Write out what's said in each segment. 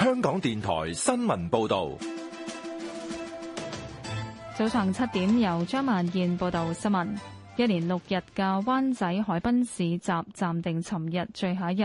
香港電台新聞報道，早上七點，由張萬燕報道新聞。一連六日嘅灣仔海濱市集暫定尋日最後一日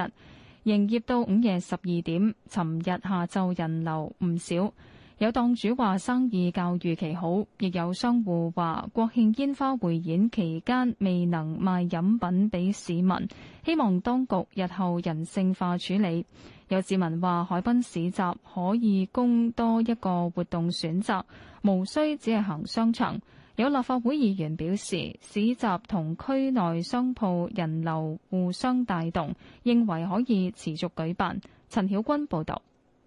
營業到午夜十二點。尋日下晝人流唔少。有檔主話生意較預期好，亦有商戶話國慶煙花匯演期間未能賣飲品俾市民，希望當局日後人性化處理。有市民話海濱市集可以供多一個活動選擇，無需只係行商場。有立法會議員表示，市集同區內商鋪人流互相帶動，認為可以持續舉辦。陳曉君報導。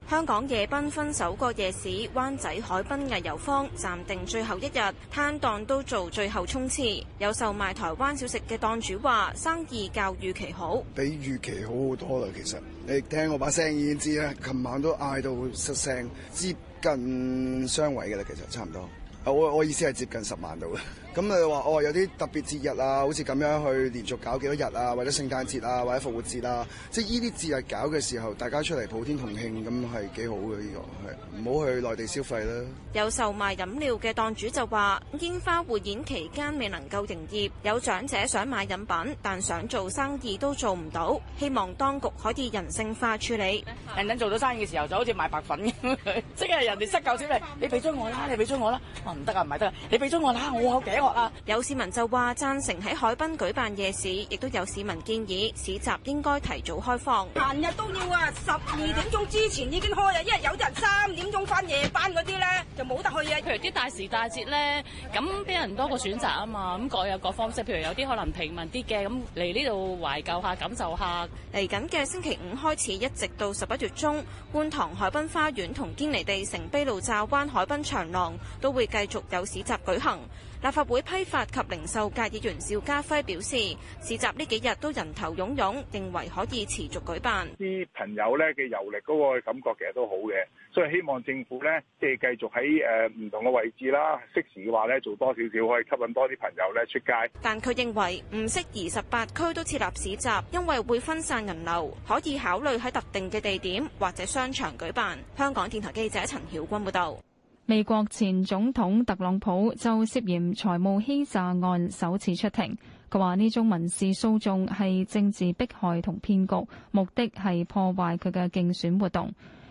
香港夜繽紛首個夜市灣仔海濱藝遊坊暫定最後一日，攤檔都做最後衝刺。有售賣台灣小食嘅檔主話：生意較預期好，比預期好好多啦。其實你聽我把聲已經知啦，琴晚都嗌到失聲，接近雙位嘅啦。其實差唔多。我意思係接近十萬度嘅，。 咁你話哦有啲特別節日啊，好似咁樣去連續搞幾多日啊，或者聖誕節啊，或者復活節啊，即係依啲節日搞嘅時候，大家出嚟普天同慶咁係幾好嘅呢，呢個係，唔好去內地消費啦。有售賣飲料嘅檔主就話：煙花匯演期間未能夠營業，有長者想買飲品，但想做生意都做唔到，希望當局可以人性化處理。等等做咗生意嘅時候，就好似賣白粉咁 即係人哋塞夠錢嚟，你俾咗我啦，你俾咗我啦。唔得啊，唔係得！你俾咗我啦，我好頸渴啦。有市民就話贊成喺海濱舉辦夜市，亦都有市民建議市集應該提早開放。閒日都要啊，十二點鐘之前已經開啊，因為有啲人三點鐘翻夜班嗰啲咧，就冇得去啊。譬如啲大時大節咧，咁俾人多個選擇啊嘛，咁各有各方式。譬如有啲可能平民啲嘅，咁嚟呢度懷舊下，感受下。嚟緊嘅星期五開始，一直到十一月中，觀塘海濱花園同堅尼地城卑路乍灣海濱長廊都會繼。續有市集舉行。立法會批發及零售界議員邵家輝表示，市集呢幾日都人頭涌涌，認為可以持續舉辦。啲朋友呢嘅遊歷嗰個感覺其實都好嘅，所以希望政府呢即係繼續喺誒，唔同嘅位置啦，適時嘅話呢做多少少，可以吸引多啲朋友呢出街。但佢認為唔適宜十八區都設立市集，因為會分散人流，可以考慮喺特定嘅地點或者商場舉辦。香港電台記者陳曉君報道。美國前總統特朗普就涉嫌財務欺詐案首次出庭，佢話呢宗民事訴訟係政治迫害同騙局，目的係破壞佢嘅競選活動。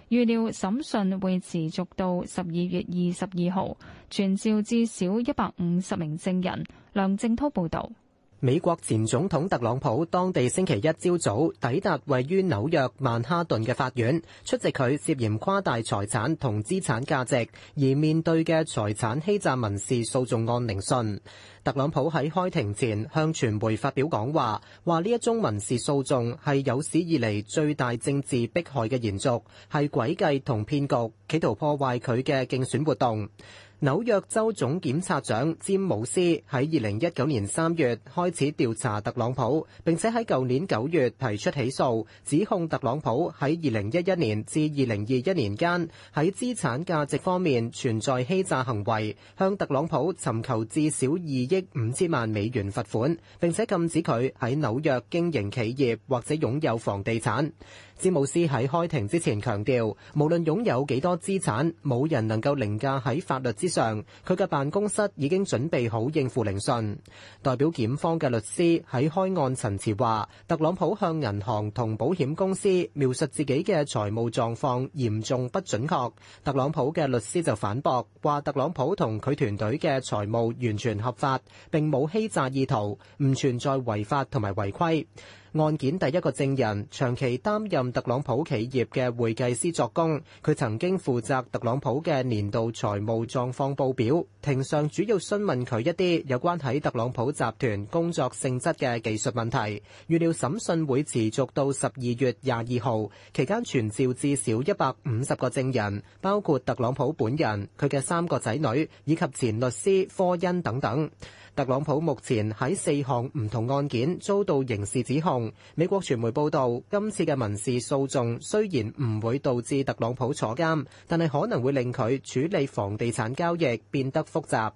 預料審訊會持續到十二月二十二號，傳召至少一百五十名證人。梁正濤報導。美國前總統特朗普當地星期一朝早抵達位於紐約曼哈頓嘅法院，出席佢涉嫌誇大財產同資產價值而面對嘅財產欺詐民事訴訟案聆訊。特朗普喺開庭前向傳媒發表講話，話呢一宗民事訴訟係有史以嚟，最大政治迫害嘅延續，係詭計同騙局，企圖破壞佢嘅競選活動。紐約州總檢察長詹姆斯喺二零一九年三月開始調查特朗普，並且喺舊年九月提出起訴，指控特朗普喺二零一一年至二零二一年間喺資產價值方面存在欺詐行為，向特朗普尋求至少二億五千萬美元罰款，並且禁止佢喺紐約經營企業或者擁有房地產。詹姆斯喺開庭之前強調，無論擁有幾多資產，冇人能夠凌駕喺法律之上，佢嘅辦公室已經準備好應付聆訊。代表檢方嘅律師喺開案陳詞話，特朗普向銀行同保險公司描述自己嘅財務狀況嚴重不準確。特朗普嘅律師就反駁，話特朗普同佢團隊嘅財務完全合法，並冇欺詐意圖，唔存在違法同埋違規。案件第一個證人長期擔任特朗普企業嘅會計師作工，佢曾經負責特朗普嘅年度財務狀況報表。庭上主要詢問佢一啲有關喺特朗普集團工作性質嘅技術問題。預料審訊會持續到十二月廿二號，期間傳召至少一百五十個證人，包括特朗普本人、佢嘅三個仔女以及前律師科恩等等。特朗普目前喺四項唔同案件遭到刑事指控。美國傳媒報道，今次嘅民事訴訟雖然唔會導致特朗普坐監，但係可能會令佢處理房地產交易變得複雜。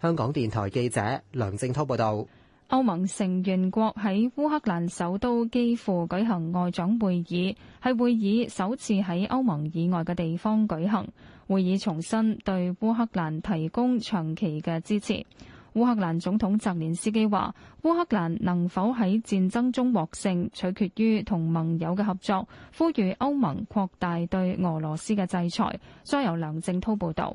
香港電台記者梁正濤報道。歐盟成員國喺烏克蘭首都基輔舉行外長會議，係會議首次喺歐盟以外嘅地方舉行。會議重申對烏克蘭提供長期嘅支持。烏克蘭總統澤連斯基話：烏克蘭能否喺戰爭中獲勝，取決於同盟友嘅合作，呼籲歐盟擴大對俄羅斯嘅制裁。再由梁正濤報道。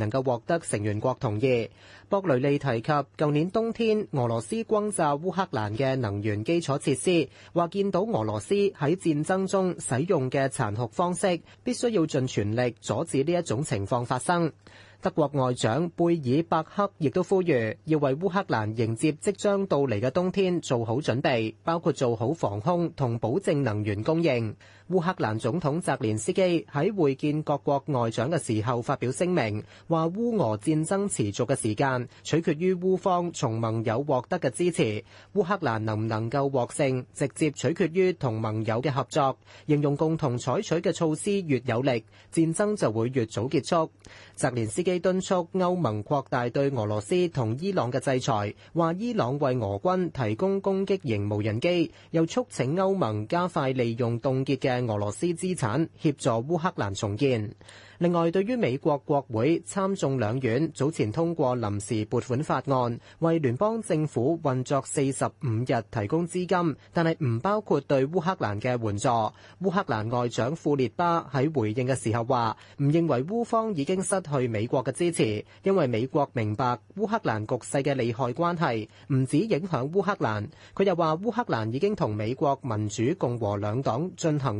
能夠獲得成員國同意。博雷利提及舊年冬天俄羅斯轟炸烏克蘭嘅能源基礎設施，話見到俄羅斯喺戰爭中使用嘅殘酷方式，必須要盡全力阻止呢一種情況發生。德國外長貝爾伯克亦都呼籲，要為烏克蘭迎接即將到嚟嘅冬天做好準備，包括做好防空同保證能源供應。烏克蘭總統澤連斯基喺會見各國外長嘅時候發表聲明，話烏俄戰爭持續嘅時間取決於烏方從盟友獲得嘅支持，烏克蘭能唔能夠獲勝直接取決於同盟友嘅合作，形容共同採取嘅措施越有力，戰爭就會越早結束。澤連斯基敦促歐盟擴大對俄羅斯同伊朗嘅制裁，話伊朗為俄軍提供攻擊型無人機，又促請歐盟加快利用凍結嘅。俄羅斯資產協助烏克蘭重建。另外，對於美國國會參眾兩院早前通過臨時撥款法案，為聯邦政府運作四十五日提供資金，但係唔包括對烏克蘭嘅援助。烏克蘭外長庫列巴喺回應嘅時候話，唔認為烏方已經失去美國嘅支持，因為美國明白烏克蘭局勢嘅利害關係，唔止影響烏克蘭。佢又話烏克蘭已經同美國民主共和兩黨進行。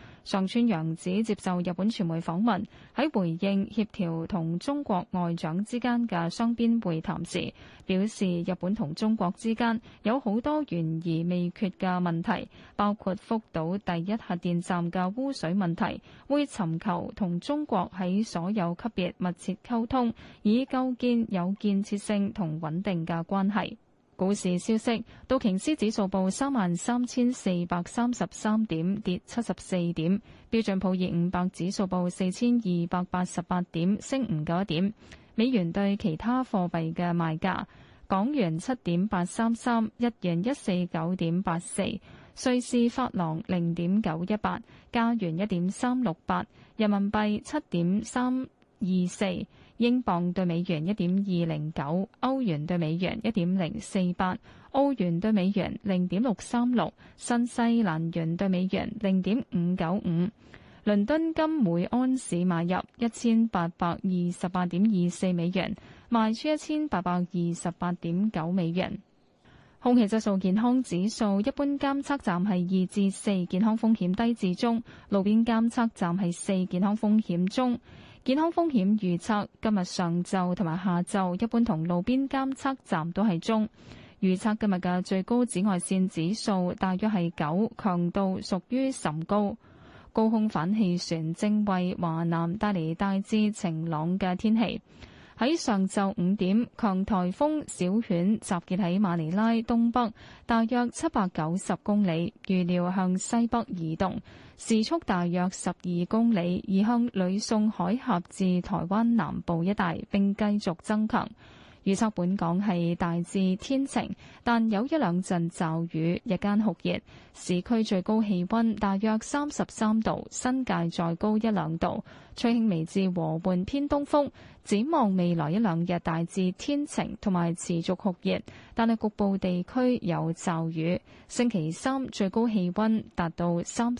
上川陽子接受日本傳媒訪問，喺回應協調同中國外長之間嘅雙邊會談時，表示日本同中國之間有好多懸而未決嘅問題，包括福島第一核電站嘅污水問題，會尋求同中國喺所有級別密切溝通，以構建有建設性同穩定嘅關係。股市消息：道瓊斯指數報三萬三千四百三十三點，跌七十四點，標準普爾五百指數報四千二百八十八點，升五九一點，美元對其他貨幣嘅賣價：港元七點八三三，日元一四九點八四；瑞士法郎零點九一八，加元一點三六八，人民幣七點三二四。英鎊對美元一點二零九，歐元對美元一點零四八，歐元對美元零點六三六，新西蘭元對美元零點五九五。倫敦金每安士買入一千八百二十八點二四美元，賣出一千八百二十八點九美元。空氣質素健康指數，一般監測站係二至四，健康風險低至中；路邊監測站係四，健康風險中。健康風險預測，今日上晝同埋下晝一般同路邊監測站都係中。預測今日嘅最高紫外線指數大約係九，強度屬於甚高。高空反氣旋正為華南帶嚟大致晴朗嘅天氣。喺上晝五點，強颱風小犬集結喺馬尼拉東北，大約七百九十公里，預料向西北移動，時速大約十二公里，移向呂宋海峽至台灣南部一帶，並繼續增強。預測本港係大致天晴，但有一兩陣驟雨，日間酷熱，市區最高氣温大約三十三度，新界再高一兩度，吹輕微至和緩偏東風。展望未來一兩日大致天晴同埋持續酷熱，但係局部地區有驟雨。星期三最高氣温達到三。